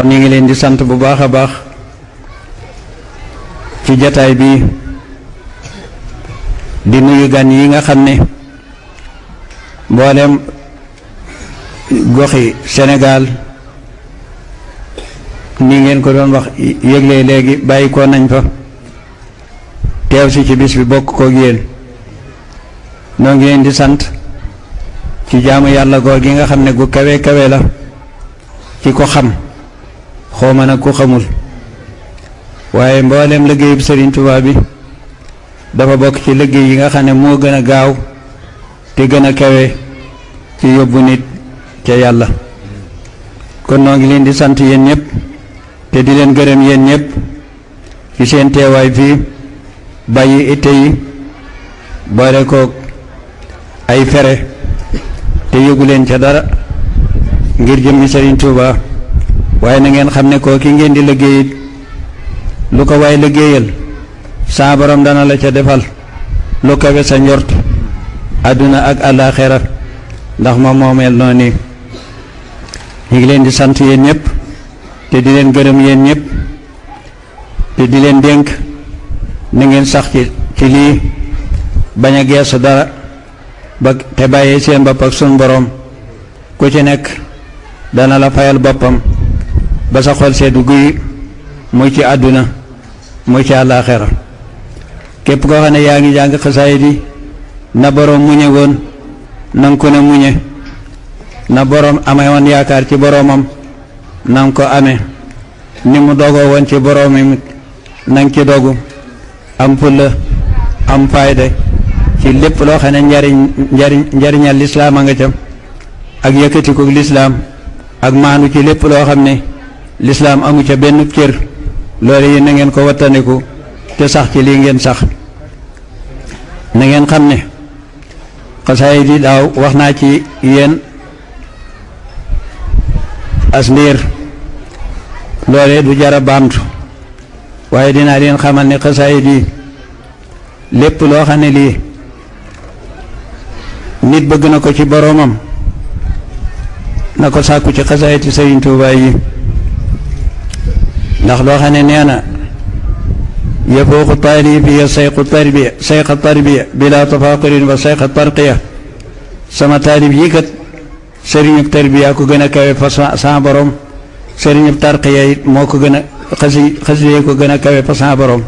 kon ñu ngi leen di sant bu baax a baax ci jataay bi di nuyu gan yi nga xam ne mboolem goxi Sénégal ni ngeen ko doon wax yëgle léegi bàyyi ko nañ fa teew si ci bis bi bokk koog yéen noo ngi leen di sant ci jaamu yàlla góor gi nga xam ne gu kawe kawe la ci ko xam xooma nag ku xamul waaye mboolem liggéeyub sëriñ Touba bi dafa bokk ci liggéey yi nga xam ne moo gën a gaaw te gën a kewe ci yóbbu nit ca yàlla kon noo ngi leen di sant yéen ñëpp te di leen gërëm yéen ñëpp ci seen teewaay fii bàyyi itte yi boole koog ay fere te yóbbu leen ca dara ngir jëmmi Serigne Touba. waaye na ngeen xam ne koo ki ngeen di liggéeyit lu ko waay liggéeyal saa borom dana la ca defal lu kawe sa njort aduna ak àllaaxira ndax moom moo mel noonu ñu ngi leen di sant yéen ñëpp te di leen gërëm yéen ñëpp te di leen dénk na ngeen sax ci ci lii bañ a geesu dara ba te bàyyee seen bopp ak sun borom ku ci nekk dana la fayal boppam ba sa xol seddu guy muy ci àdduna muy ci àllaaxira képp ko xam ne yaa ngi jàng xasaayid yi na boroom muñe woon nanga ko ne muñe na boroom amee woon yaakaar ci boroomam nang ko ame ni mu dogoo woon ci boroomam nanga ci dogu am fulla am fayde ci lépp loo xam ne njariñ njariñal lislaam a nga ca ak yëkkatiku lislaam ak maanu ci lépp loo xam ne l'islam amu ca benn cër loolu yi na ngeen ko wattandiku te sax ci li ngeen sax na ngeen xam ne xasaayid yi daaw wax naa ci yéen as ndiir loole du jara baamtu waaye dinaa leen xamal ne xasaayid yi lépp loo xam ne lii nit bëgg na ko ci boroomam na ko ci Sëriñ yi نخلو خنينينا يفوق الطالب يسيق التربية سيق التربية بلا تفاقر وسيق الترقية سما طالب يكت سرين التربية كوغنا كوي فصابرم سرين الترقية موكو كوغنا خزي خزي كوغنا كوي فصابرم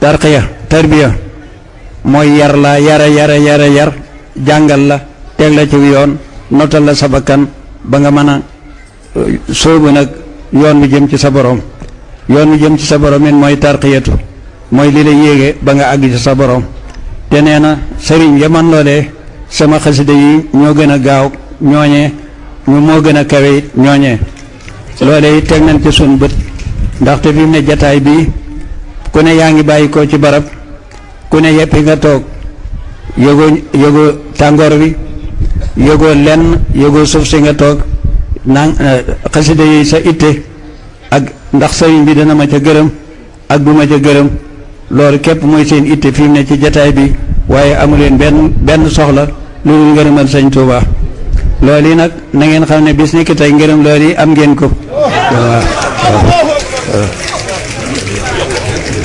ترقية تربية مو يار لا يار يار يار يار جانجل لا تغلا تيويون نوتل لا سبكن بغا مانا سوبو نك yoon wi jëm ci sa borom yoon wi jëm ci sa borom it mooy tarqiyatu mooy li la yéege ba nga àgg ci sa borom te nee na sëriñ ya man loolee sama xasida yi ñoo gën a gaaw ñooñe ñu moo gën a kawe ñooñe ñooñee loolee teg nañ ci sun bët ndaxte fi mu ne jataay bii ku ne yaa ngi bàyyi ko ci barab ku ne yeppi nga toog yëgoo yëgoo tàngoor wi yëgoo lenn yëgoo suuf si nga toog naan eh, xasida yi sa itte ak ndax sëriñ bi dana ma ca gërëm ak bu ma ca gërëm loolu képp mooy seen itte fi ne ci jataay bi waaye amuleen benn benn soxla lu dul ngërëmal sëñ Tuuba loolu yi nag na ngeen xam ne bis ni ki tey ngërëm loolu yi am ngeen ko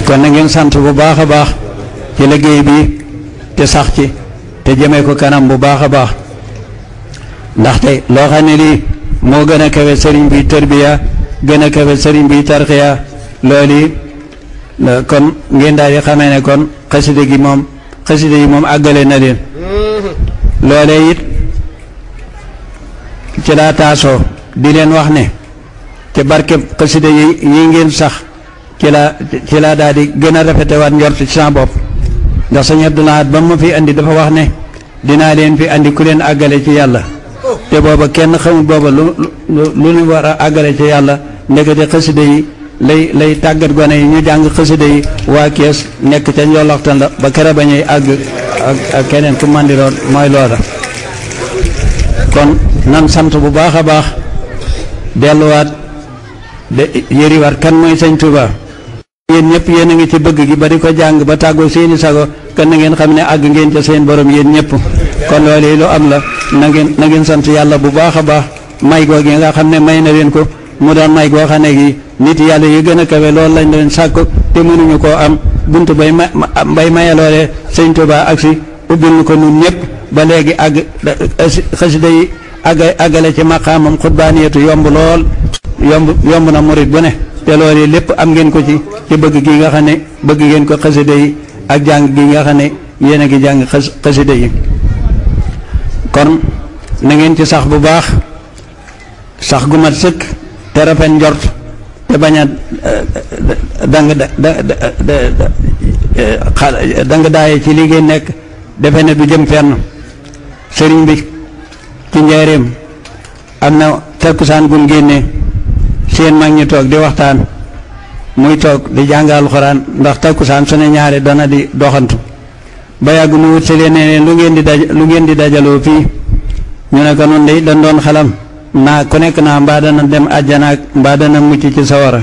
kon na ngeen sant bu baax a baax ci liggéey bi te sax ci te jëme ko kanam bu baax a baax ndaxte loo xam ne lii moo gën a kawe sëriñ bi tërbiya gën a kawe sëriñ bi tarxiya loolu kon ngeen daal di xamee ne kon xasida gi moom xasida yi moom àggale na leen loole it ci laa taasoo di leen wax ne te barkeb xasida yi yi ngeen sax ci laa ci laa daal di gën a rafetewaat njort ci saa bopp ndax sëñ Abdou Lahad ba ma fi indi dafa wax ne dinaa leen fi andi ku leen àggale ci yàlla te booba kenn xamul booba lu lu ñu war a àggale ci yàlla ndekete xasida yi lay lay tàggat gone yi ñu jàng xasida yi waa kees nekk ca njoloxtan la ba kere ba ñuy àgg ak keneen ku mandi lool mooy loola kon nan sant bu baax a baax delluwaat de yëriwaat kan mooy sëñ Tuubaa yéen ñëpp yéen a ngi ci bëgg gi ba di ko jàng ba tàggoo seeni sago kon na ngeen xam ne àgg ngeen ca seen boroom yéen ñëpp kon loolu lu am la na ngeen na ngeen sant yàlla bu baax a baax may goo gi nga xam ne may na leen ko mu doon may goo xam ne gi nit yàlla yi gën a kawe lool lañ leen sàkk te mënuñu koo am bunt bay ma bay maye loole sëñ Tuubaa ak si ubbil ñu ko nun ñëpp ba léegi àgg xasida yi àgg àggale ci maqaamam xutbaaniyatu yomb lool yomb yomb na murit bu ne te loolu lépp am ngeen ko ci ci bëgg gi nga xam ne bëgg ngeen ko xasida yi ak jang gi nga xane yene gi jang ngi yi kon na ngeen ci sax bu baax sax gu mat sekk te rafet njort te baña a eh, eh, dang eh, dang daaye ci li ngeen nek defe ne du jëm fenn serigne bi ci amna takusan seen mag di waxtaan muy toog di jàng alxuraan ndax takkusaan su ne ñaari dana di doxantu ba yàgg mu wut si leen ne lu ngeen di daj lu ngeen di dajaloo fii ñu ne ko noonu day dañ doon xalam naa ku nekk naa mbaa dana dem àjjanaak mbaa dana mucc ci sawara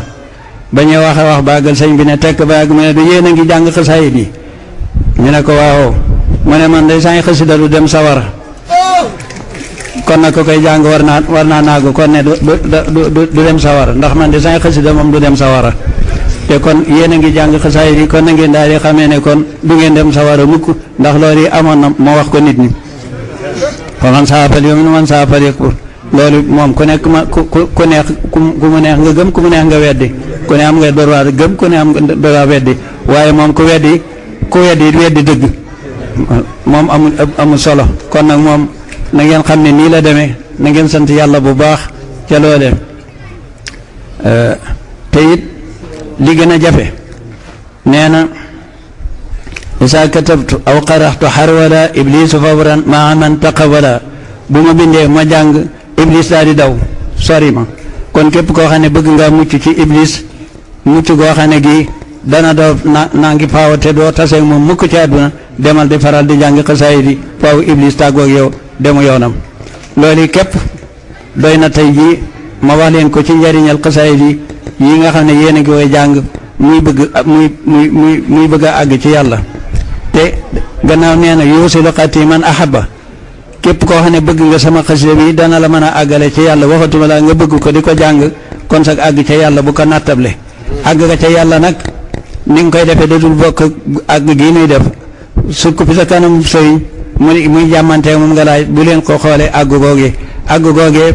ba ñuy wax wax baagal sëñ bi ne tekk ba yàgg mu ne du yéen a ngi jàng xasaayit yi ñu ne ko waaw mu ne man day saa ngi xasida dem sawara kon nak ko kay warna warna warna war ko kon ne du du du dem sawara ndax man de saa xasida mom du dem sawara te kon yene ngi jang xasaay yi kon ngi ndari daal ne kon du ngeen dem sawara mukk ndax lori yi mo wax ko nit ni kon man sa fal yom man sa fal yakfur loolu mom ku nek ku ku ku mu nek nga gem ku mu nek nga weddi ku ne am nga war gem ku ne am nga droit weddi waye mom ku weddi ku weddi weddi deug mom amul amul solo kon nak mom na ngeen xam ne nii la demee na ngeen sant yàlla bu baax ca loole euh, te it li gën a jafe nee na isa katabtu aw qaraxtu xarwala iblisu fawran maa man taqawala bu ma bindee ma jàng iblis daal daw sori ma kon képp koo xam ne bëgg nga mucc ci iblis mucc goo xam ne gi dana doo na naa ngi faaw te doo tase moom mukk ci àdduna demal di faral di jàng xasaayid yi faaw iblis tàggoog yow demu yoonam loolu képp doy na tey jii ma wax leen ko ci njariñal xasaayid yi yi nga xam ne yéen a ngi koy jàng muy bëgg muy muy muy muy bëgg a àgg ci yàlla te gannaaw nee na yuusilu man ahaba képp koo xam ne bëgg nga sama xasida bi dana la mën a àggale ci yàlla waxatuma la nga bëgg ko di ko jàng kon sax àgg ca yàlla bu ko nattable àgg ga ca yàlla nag ni nga koy defee da bokk àgg gii def sukk fi sa kanam sëriñ mu muy jàmmante moom nga laaj bu leen ko xoolee àggu googee àggu googee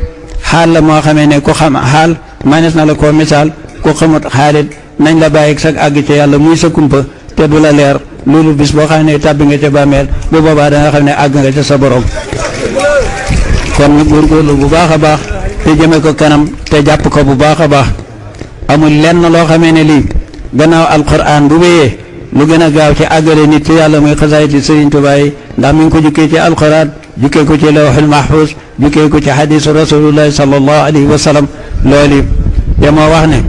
xaal la moo xamee ne ku xam xaal manees na la koo misaal ku xamut xaalit nañ la bàyyi sag àgg ci yàlla muy sa kumpa te du la leer loolu bis boo xam ne tàbbi nga ca bàmmeel bu boobaa danga xam ne àgg nga ca sa borom kon ñu góorgóorlu bu baax a baax te jëme ko kanam te jàpp ko bu baax a baax amul lenn loo xamee ne lii gannaaw alquran bu wéyee lu gën a gaaw ci àggale nit ci yàlla muy xasaayit yi Sëriñ Tuubaa ndax mi ngi ko jukkee ci alquran jukkee ko ci lawxul mahfuz jukkee ko ci xadisu rasulullahi sallallahu alayhi wa sallam loolu yamoo wax ne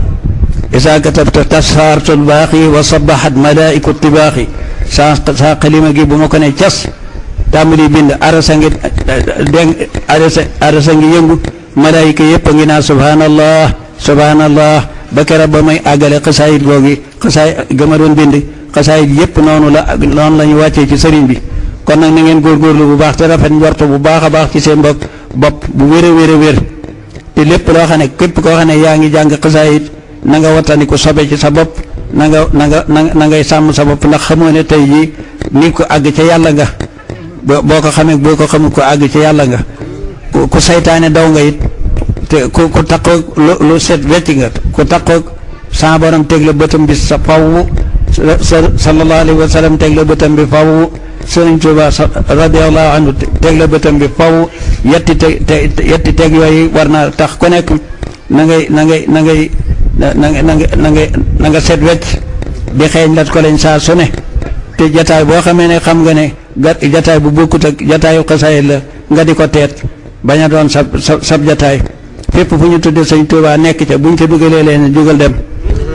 isa katabta tashaartu lbaaxi wa sabaxat malaaiku tibaaxi saa saa xalima gi bu ma ko ne cas tàmbali bind arasa ngi deng arasa arasa ngi yëngu malaayika yëpp a ngi naan subhanallah subhanallah ba keroog ba may àggale xasaayit googi xasaay gëma doon bind kasay bi yëpp noonu la non lañu wacce ci sëriñ bi kon nak na ngeen góorgóorlu bu baax te rafet bu baaxa baax ci seen bopp bop bu wéré wéré wér te lepp lo xane kep ko xane yaangi jang yaa na nga ko sobe ci sa bop na nga na nga na ngay sam sa bop ndax xamone tay yi ni ko ag ci yalla nga boko ko boko xam ko ag ci yalla nga ku saytane daw nga it te ku ku takko lu set wetti nga ku takko sa borom tegle beutum bis sa pawu sallallahu alayhi wa sallam teg bëtam bi faw Sëriñ Tuuba radiallahu anhu teg la bëtam bi faw yetti teg yetti teg war naa tax ku nekk na ngay na ngay na ngay na na nga na nga set wecc di xeeñ lat ko lañ saa su te jataay boo xamee ne xam nga ne jataay bu bokkut ak jataayu xasaay la nga di ko teet bañ a doon sab jataay fépp fu ñu tuddee Sëriñ Tuuba nekk ca buñ ca dugalee leen jugal dem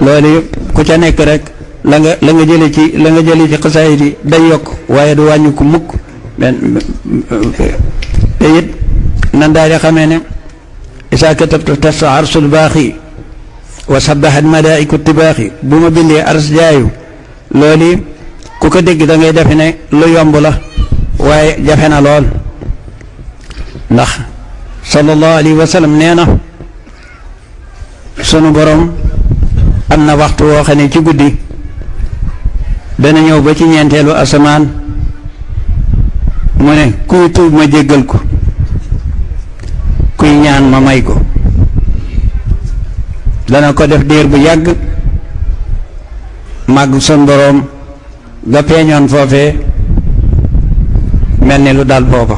loolu ku ca nekk rek la nga la nga jëlee ci la nga jëlee ci xasaayid yi day yokk waaye du wàññiku ko mukk te it nan daal di xamee ne isa katabtu tasa arsul baaxi wa sabahat madaiku tibaaxi bu ma bindee ars jaayu loolu ku ko dégg da ngay defe ne lu yomb la waaye jafe na lool ndax sallallahu alayhi wa nee na sunu borom am na waxtu woo xam ne ci guddi dana ñëw ba ci ñeenteelu asamaan mu ne kuy tuub ma jéggal ko kuy ñaan ma may ko dana ko def diir bu yàgg màgg sun boroom ga peeñoon foofee mel ni lu daal booba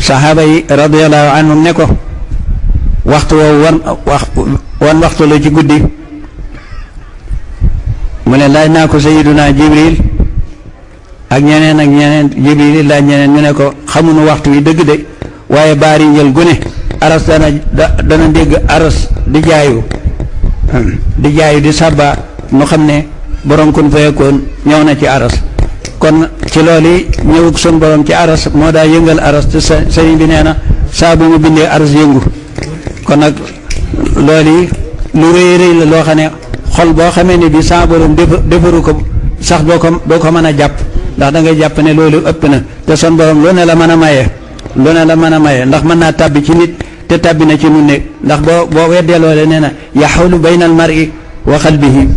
saxaaba yi radiyallahu anhum ne ko waxtu woowu wan wax wan waxtu la ci guddi mu ne laaj naa ko sayiduna jibril ak ñeneen ak ñeneen jibril laaj ñeneen ñu ne ko xamuñu waxtu wi dëgg de waaye baari njël gune aras dana dana dégg aras di jaayu hmm, di jaayu di sàbba nu xam ne borom kun fayekoon ñëw na ci aras kon ci loolu ñëwug sun borom ci aras moo daa yëngal aras te sëriñ bi nee na saa bu mu bindee aras yëngu kon nag loolu lu rëy rëy la loo xam ne xol boo xamee ni bi saa borom defaru ko sax doo ko doo ko mën a jàpp ndax da ngay jàpp ne loolu ëpp na te son borom lu ne la mën a maye lu ne la mën a maye ndax mën naa tàbbi ci nit te tàbbi na ci nu ne ndax boo boo weddee loole nee na yaxawlu bayna al mar'i wa qalbihi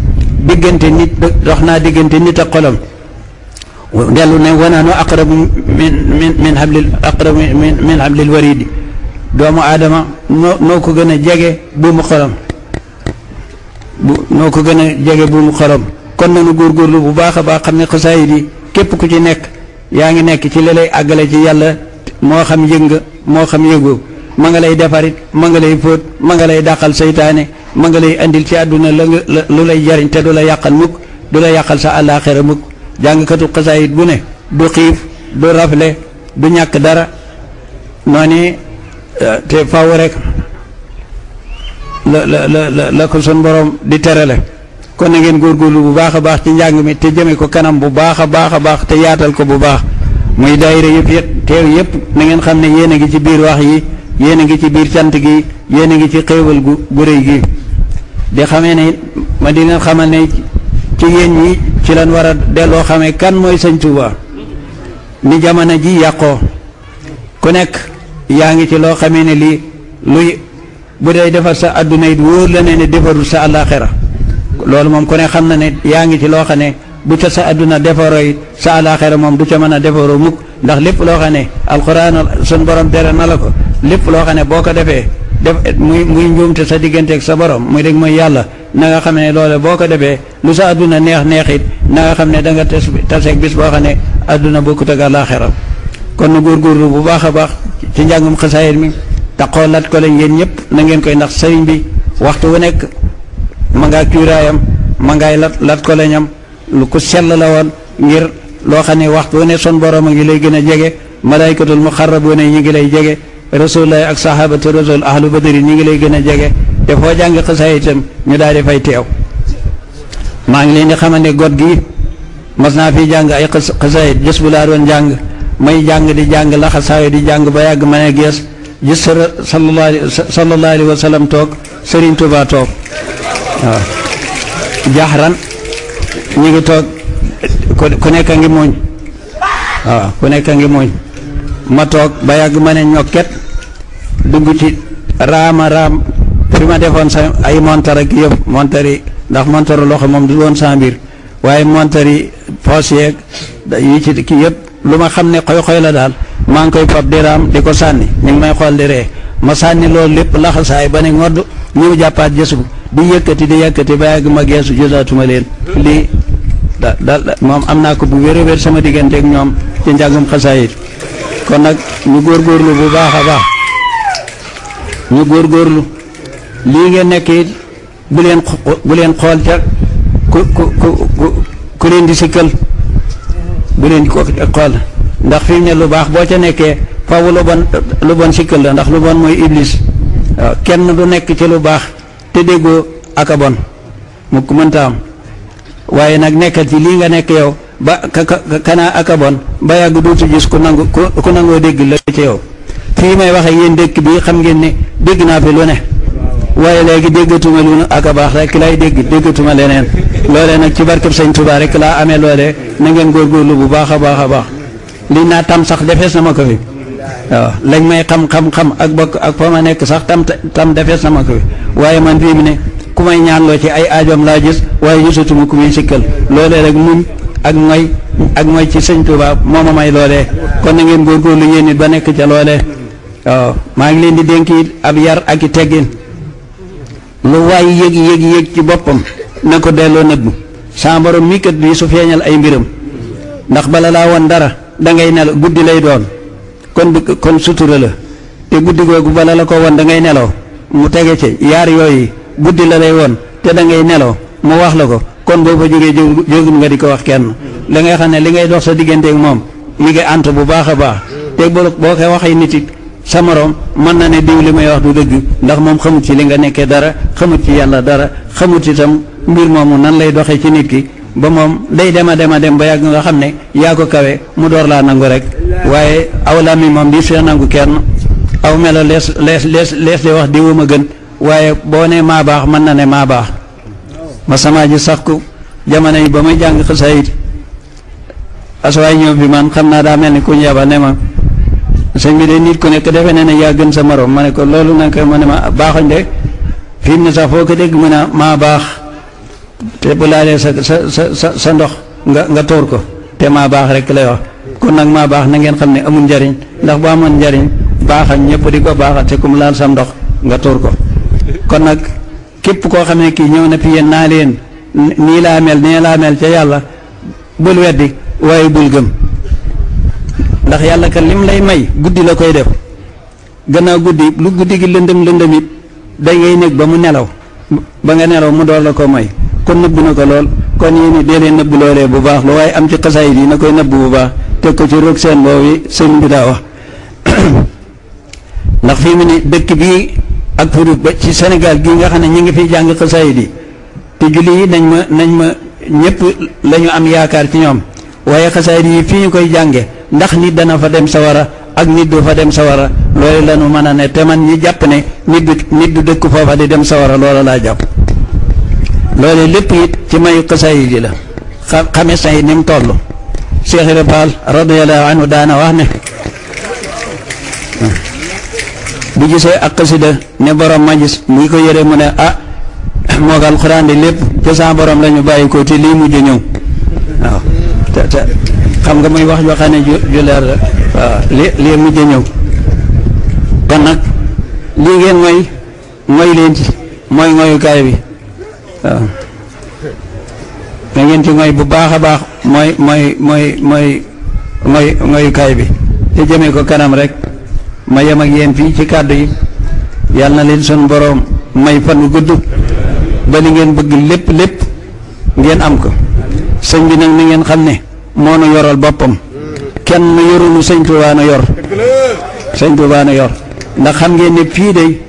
diggante nit dox naa diggante nit ak xolam dellu ne wa nahnu aqrabu min min min hablil aqrabu min min hablil waridi doomu aadama noo noo ko gën a jege buumu xolam bu noo ko gën a jege bu mu xorom kon nanu góorgóorlu bu baax a baax xam ne xasaayid yi képp ku ci nekk yaa ngi nekk ci li lay àggale ci yàlla moo xam yëg nga moo xam yëgoo ma nga lay defarit ma nga lay fóot ma nga lay dàqal seytaane ma nga lay indil ci àdduna la lu lay jariñ te du la yàqal mukk du la yàqal sa àllaaxira mukk jàngkatu xasaayid bu ne du xiif du rafle du ñàkk dara noonu te faw rek la la la la ko sun borom di terale kon na ngeen góorgóorlu bu baax a baax ci njàng mi te jëme ko kanam bu baax a baax a baax te yaatal ko bu baax muy daayira yëpp yëpp teew yëpp na ngeen xam ne yéen a ngi ci biir wax yi yéen a ngi ci biir cant gi yéen a ngi ci xéewal gu gu rëy gi di xamee ne ma di leen xamal ne ci yéen ñi ci lan war a delloo xamee kan mooy sëñ Tuuba ni jamono ji yàqoo ku nekk yaa ngi ci loo xamee ne lii luy bu dee defar sa adduna it wóor la ne ne defarul sa àllaaxira loolu moom ku ne xam na ne yaa ngi ci loo xam ne bu ca sa adduna defaroo it sa àllaaxira moom du ca mën a defaroo mukk ndax lépp loo xam ne alxuraan sun borom tere na la ko lépp loo xam ne boo ko defee def muy muy njuumte sa diggante digganteeg sa borom muy rek mooy yàlla na nga xam ne loole boo ko defee lu sa adduna neex neex it na nga xam ne da nga tes taseeg bis boo xam ne adduna bokkut ak àllaaxira kon nu góorgóorlu bu baax a baax ci njàngum xasaayit mi taxoolaat ko leen yéen ñëpp na ngeen koy ndax sëriñ bi waxtu wu nekk ma ngaa cuuraayam ma ngaay lat lat ko leñam lu ku sell la woon ngir loo xam ne waxtu wu ne son borom a ngi lay gën a jege malaaykatul muxarrabuuna ñi ngi lay jege rasulullah ak sahabatu rasul ahlu badri ñi ngi lay gën a jege te foo jàng xasaay itam ñu daal di fay teew maa ngi leen di xamante got gi mas naa fi jàng ay xasaay jës bu laa doon jàng may jàng di jàng laxasaay di jàng ba yàgg mën gees gis sa sallallahu alayhi wa sallam toog Serigne Touba tok jahran jaxran ngi tok ku nekk ngi moñ waaw ku nekk ngi moñ ma tok ba yag mané ne ñokket dugg ci rama ram fi ma defoon sa ay montar ak yef montari ndax montar lo xam mom du won sa mbir waye montari ak yi ci ki luma xoy-xoy la dal maa ngi koy fab di raam di ko sànni ñu ngi may xool di ree ma sànni loolu lépp laxasaay ba ne ngodd ñëw jàppaat jësu di yëkkati di yëkkati ba yàgg ma geesu gisaatuma leen lii da daal moom am naa ko bu wér a wér sama digganteeg ñoom ci njàngum xasaayit kon nag ñu góorlu bu baax a baax ñu góorlu lii ngeen nekk it bu leen xool ca ku ku ku ku leen di sikkal bu leen ko xool ndax fii mu ne lu baax boo ca nekkee fawu lu bon lu bon sikkal la ndax lu bon mooy iblis waaw kenn du nekk ci lu baax te déggoo ak bon mu ko mënta am waaye nag nekkal ci lii nga nekk yow ba ka kanaa ak a bon ba yàgg duutu gis ku nangu ku nangoo dégg la ci yow fii may waxe yéen dékk bi xam ngeen ni dégg naa fi lu ne waaye léegi déggatuma lu ak a baax rek lay dégg déggatuma leneen loole nag ci barkeb Sëñ Tuubaa rek laa amee loole na ngeen góorgóorlu bu baax a baax a baax lii naa tam sax defees sama ma ko fi waaw lañ may xam-xam-xam ak bokk ak fa ma nekk sax tam tam defees sama ma ko fi waaye man fii mu ne ku may ñaanloo ci ay aajoom laa gis waaye gisatuma ku muy sikkal loolee rek muñ ak moy ak mooy ci sëñ Touba moo ma may loolee kon na ngeen góorgóorlu yéen it ba nekk ca loolee waaw maa ngi leen di dénk it ab yar ak i teggin lu waay yëg yëg yëg ci boppam na ko delloo nëbbu saa borom mi kat lii su feeñal ay mbiram ndax bala laa woon dara. dangay nelaw guddi lay doon kon dëkk kon sutura la te guddi googu bala la ko won dangay nelaw mu tege ci yaar yooyu guddi la lay woon te dangay nelaw mu wax la ko kon boo fa jógee jógul nga di ko wax kenn la ngay xam ne li ngay dox sa diggante ak moom mi ngi ànt bu baax a baax te boo boo koy waxee nit it sa morom mën na ne diw li may wax du dëgg ndax moom xamut ci li nga nekkee dara xamut ci yàlla dara xamut itam mbir moomu nan lay doxee ci nit ki ba moom day dem a dem a dem ba yàgg nga xam ne yaa ko kawe mu door laa nangu rek waaye aw làmmiñ moom di see nangu kenn aw melo lees lees lees lees di wax diwu ma gën waaye boo ne maa baax mën na ne maa baax ma sama ji sax ku jamono yi ba may jàng xasaayit aswaay ñëw bi man xam naa daa mel ni ku yaba ne ma sëñ bi de nit ku nekk defe ne nañ yaa gën sa morom ma ne ko loolu nag ma ne ma baaxuñ de fi mu sax foo ko dégg mu ne maa baax te bu laalee sa sa sa sa ndox nga nga toor ko te ma baax rek lay wax kon nag maa baax na ngeen xam ne amul njariñ ndax bu amoon njariñ baaxal ñëpp di ko baaxal te ku mu laal sam ndox nga toor ko kon nag képp koo xam ne kii ñëw na fi yéen naa leen nii laa mel nee laa mel ca yàlla bul weddi waaye bul gëm ndax yàlla ka lim lay may guddi la koy def gannaaw guddi lu guddi gi lëndëm lëndëm it da ngay nekk ba mu nelaw ba nga nelaw mu door la ko may kon nëbb na ko lool kon yéen it dee leen nëbb loolee bu baax lu waaye am ci xasaayit yi na koy nëbb bu baax teg ko ci roog seen boobu sëriñ bi daa ndax fii mu ne dëkk bii ak fudut ba ci senegal gii nga xam ne ñu ngi fiy jàng xasaayit yi te julli yi nañ ma nañ ma ñëpp lañu am yaakaar ci ñoom waaye xasaayit yi fii ñu koy jànge ndax nit dana fa dem sawara ak nit du fa dem sawara loolu la ñu mën a ne te man ñi jàpp ne nit du nit dëkk foofa di dem sawara lool laa jàpp loole lépp it ci may xasaayid yi la xame say ni mu toll Cheikh Ibra Fall daana wax ne bu gisee ak xasida ne borom ma gis muy ko yëre mu ne ah moo ko alxuraan di lépp ci sa borom lañu bàyyi ko te lii mujj ñëw waaw te te xam nga muy wax yoo xam ne ju ju leer la waaw lii lii mujj ñëw kon nag lii ngeen mooy mooy leen ci mooy mooyukaay bi waaw ngeen ci mooy bu baax a baax mooy mooy mooy mooy mooy mooyukaay bi te jëme ko kanam rek ma yem ak yéen fii ci kàddu yi yàlla na leen sun boroom may fan gudd ba li ngeen bëgg lépp lépp ngeen am ko sëñ bi nag na ngeen xam ne moo nu yoral boppam kenn yorunu sëñ Tuubaa nu yor sëñ Tuubaa nu yor ndax xam ngeen ne fii de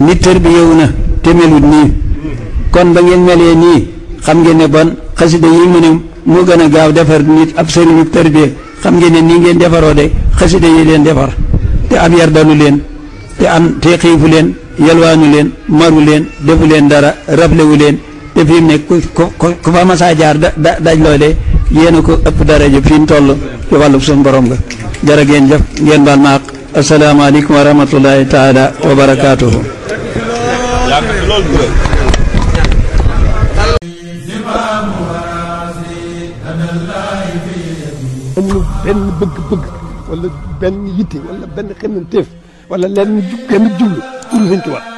nit tër bi yow na te melut nii kon ba ngeen melee nii xam ngeen ne bon xasida yi mu ne moo gën a gaaw defar nit ab sëriñu tarbie xam ngeen ne nii ngeen defaroo de xasida yi leen defar te am yar danu leen te am te xiifu leen yalwaanu leen maru leen defu leen dara rablewu leen te fi mu ne ku ku fa masaa jaar da da daj loolee de a ko ëpp dara daraja fii mu toll ci wàllu suñu borom nga jërë ngeen jëf ngeen baal ma àq asalaamaaleykum wa rahmatullahi taala wa barakaatuhu بن بق بق ولا بن يتي ولا بن خنتف ولا لن جن جن كل هنتوا